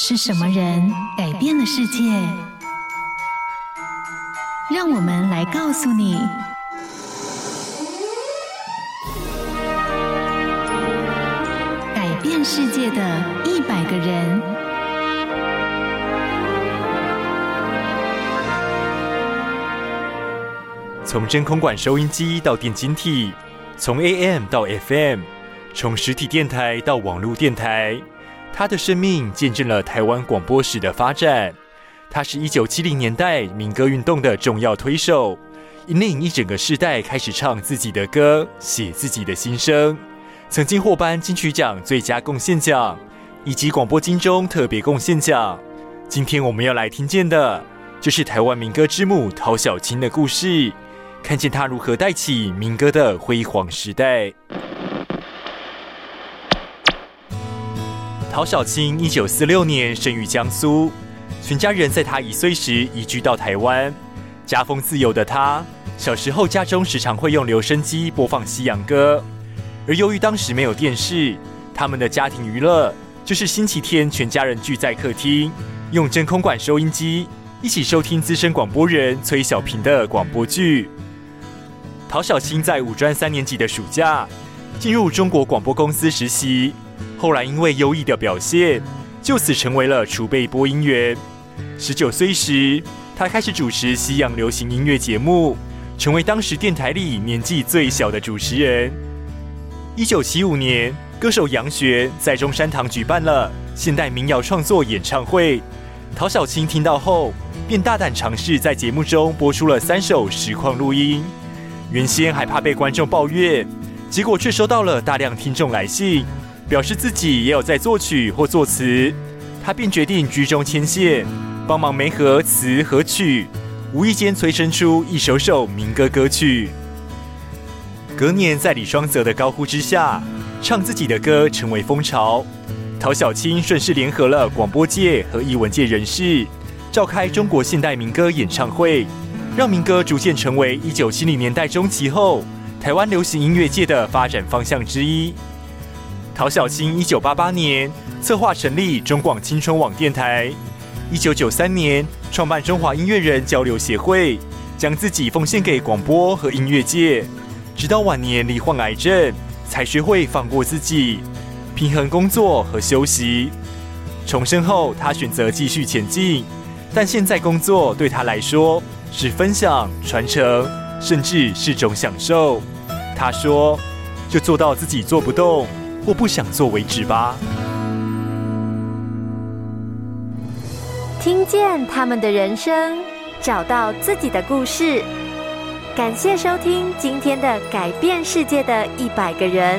是什麼人改變了世界？讓我們來告訴你：改變世界的一百個人。從真空管收音機到電晶體，從 AM 到 FM，從實體電台到網絡電台。他的生命見證了台灣廣播史的發展，他是一九七零年代民歌運動的重要推手，引領一整個世代開始唱自己的歌、寫自己的心聲。曾經獲頒金曲獎最佳貢獻獎以及廣播金鐘特別貢獻獎。今天我們要來聽見的，就是台灣民歌之母陶曉清的故事，看見他如何帶起民歌的輝煌時代。陶曉清一九四六年生於江蘇，全家人在他一歲時移居到台灣。家風自由的他，小時候家中時常會用留聲機播放西洋歌。而由於當時沒有電視，他們的家庭娛樂就是星期天全家人聚在客廳，用真空管收音機一起收聽資深廣播人崔小平的廣播劇。陶曉清在五專三年級的暑假，進入中國廣播公司實習。後來，因為優異的表現，就此成為了儲備播音員。十九歲時，她開始主持西洋流行音樂節目，成為當時電台裡年紀最小的主持人。一九七五年，歌手楊弦在中山堂舉辦了現代民謠創作演唱會，陶曉清聽到後，便大膽嘗試在節目中播出了三首實況錄音。原先還怕被觀眾抱怨，結果卻收到了大量聽眾來信。表示自己也有在作曲或作詞，他便決定居中牽線，幫忙媒合詞和曲，無意間催生出一首首民歌歌曲。隔年在李雙澤的高呼之下，唱自己的歌成為風潮。陶曉清順勢聯合了廣播界和藝文界人士，召開中國現代民歌演唱會，讓民歌逐漸成為一九七零年代中期後台灣流行音樂界的發展方向之一。陶曉清一九八八年策劃成立中廣青春網電台，一九九三年創辦中華音樂人交流協會，將自己奉獻給廣播和音樂界，直到晚年罹患癌症，才學會放過自己，平衡工作和休息。重生後，他選擇繼續前進，但現在工作對他來說是分享、傳承，甚至是種享受。他說：“就做到自己做不動。”我不想做為止吧。聽見他們的人生，找到自己的故事。感謝收聽今天的《改變世界的一百個人》。